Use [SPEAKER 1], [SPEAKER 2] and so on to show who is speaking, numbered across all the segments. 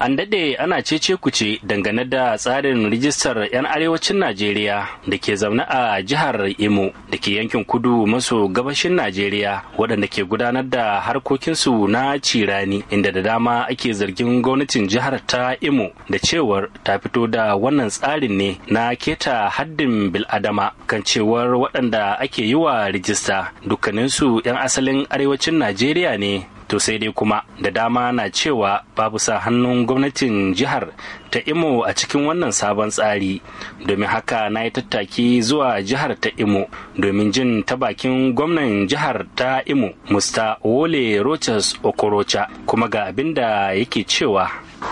[SPEAKER 1] An daɗe ana cece kuce dangane da tsarin rijistar 'yan arewacin Najeriya da ke zaune a jihar Imo da ke yankin kudu maso gabashin Najeriya waɗanda ke gudanar da harkokinsu na cirani inda da dama ake zargin gwamnatin jihar ta Imo da cewar ta fito da wannan tsarin ne na keta haddin bil'adama kan cewar waɗanda ake yi wa rijista dukkaninsu 'yan asalin arewacin Najeriya ne to sai dai kuma da dama na cewa babu sa hannun gwamnatin jihar ta imo a cikin wannan sabon tsari domin haka na yi tattaki zuwa jihar ta imo domin jin ta bakin gwamnan jihar ta imo musta wole rochas okorocha kuma ga abin da yake cewa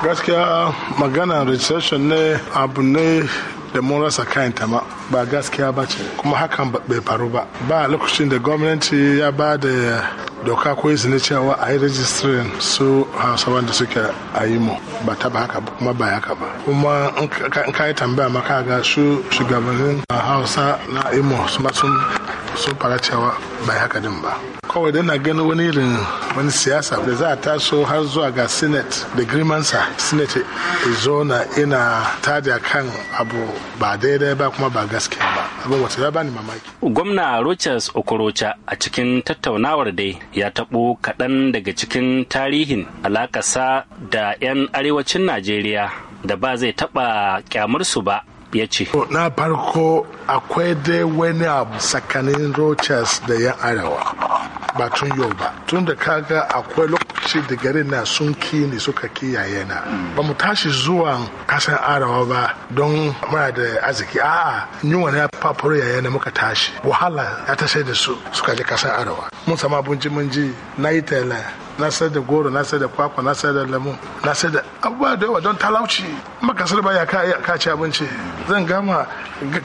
[SPEAKER 2] gaskiya magana recession ne abu ne da morarsa kayan tama ba gaskiya ba ce kuma hakan bai faru ba ba lokacin da gwamnati ya ba da doka ko izini cewa a yi rajistirin su hausa wanda suke a yi mu ba taba haka ba kuma ba haka ba kuma in ka yi tambaya maka ga su shugabannin hausa na imo su sun fara cewa bai haka din ba kawai dana ganin wani irin wani siyasa da za a taso har zuwa ga senate da girmansa senate zona ina tada kan abu ba daidai ba kuma ba gaskiya ba abin wata ya bani mamaki
[SPEAKER 1] gwamna rochas okorocha a cikin tattaunawar dai ya taɓo kaɗan daga cikin tarihin alakasa da 'yan arewacin najeriya da ba zai taɓa kyamarsu ba ya ce.
[SPEAKER 2] Na farko akwai dai wani abu tsakanin Rochas da yan arewa ba tun yau ba. Tun da kaga akwai lokaci da garin na sun kini suka kiyaye na. Ba mu tashi zuwa kasar arewa ba don muna da arziki a'a ni wani fafuru yaya na muka tashi wahala ya tashe da su suka je kasan arewa. Mun sama bunji munji na yi tela na sayar da goro na sayar da kwakwa na sayar da lemu na sayar da abubuwa da yawa don talauci makasar baya ka kaci abinci zan gama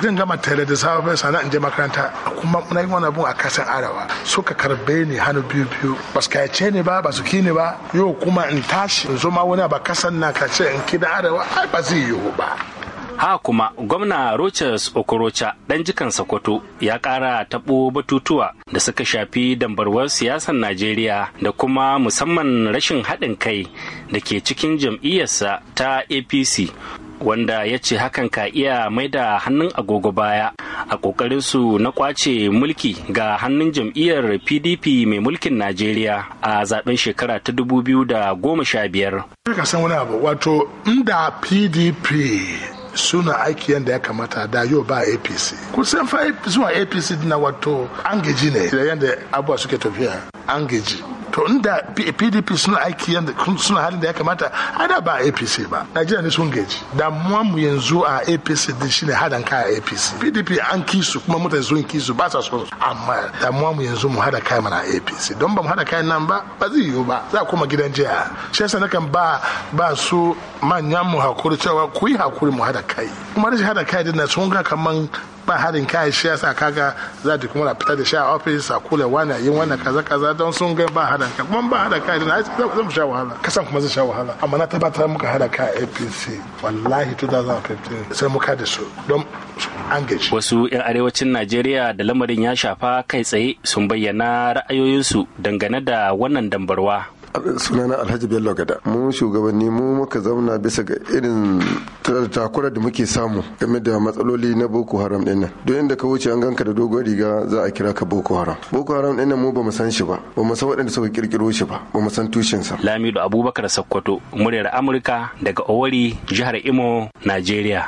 [SPEAKER 2] zan gama tare da safe sana in je makaranta kuma na yi wani a kasan arawa suka karbe ni hannu biyu biyu ba su kayace ni ba ba ki ni ba yau kuma in tashi in zo ma wani ba kasan na kace in kida arewa ai ba zai yiwu ba
[SPEAKER 1] ha kuma gwamna rochas okorocha dan jikan sokoto ya ƙara taɓo batutuwa da suka shafi dambarwar siyasar najeriya da kuma musamman rashin haɗin kai da ke cikin jam'iyyarsa ta apc wanda ya ce hakan ka iya da hannun agogo baya a ƙoƙarinsu na ƙwace mulki ga hannun jam'iyyar pdp mai mulkin najeriya a zaben shekara ta 2015
[SPEAKER 2] ka san wani abu wato inda pdp suna aiki yadda ya kamata da yau ba apc kusan fa zuwa apc na wato angeji ne da yadda abuwa suke tafiya angeji. to inda pdp suna aiki yadda suna halin da ya kamata da ba apc ba najeriya ne sun gaji damuwa mu yanzu a apc din shine hadan kaya apc pdp an kisu kuma mutane sun kisu ba sa son amma damuwa mu yanzu mu hada kai mana apc don ba mu hada kayan nan ba ba zai yiwu ba za kuma gidan jiya shi yasa nakan ba ba su manyan mu hakuri cewa ku yi hakuri mu hada kai kuma rashin hada kai din na sun ga kaman ba harin kai shi yasa kaga za ta kuma fita da shi a office a kula wani yin wani kaza kaza don sun ga ba harin kai kuma ba harin kai na zan sha wahala kasan kuma zan sha wahala amma na tabbatar muka haɗa kai APC wallahi 2015 sai muka da su don an gaji
[SPEAKER 1] wasu yan arewacin Najeriya da lamarin ya shafa kai tsaye sun bayyana ra'ayoyinsu dangane da wannan dambarwa sunana alhaji bello gada mu shugabanni mu muka zauna bisa ga irin takura da muke samu game da matsaloli na boko haram din nan duk inda ka wuce an ganka da dogon riga za a kira ka boko haram boko haram din mu bamu san shi ba bamu san waɗanda suka kirkiro shi ba bamu san tushen sa lamido abubakar sakkwato muryar amurka daga owari jihar imo nigeria.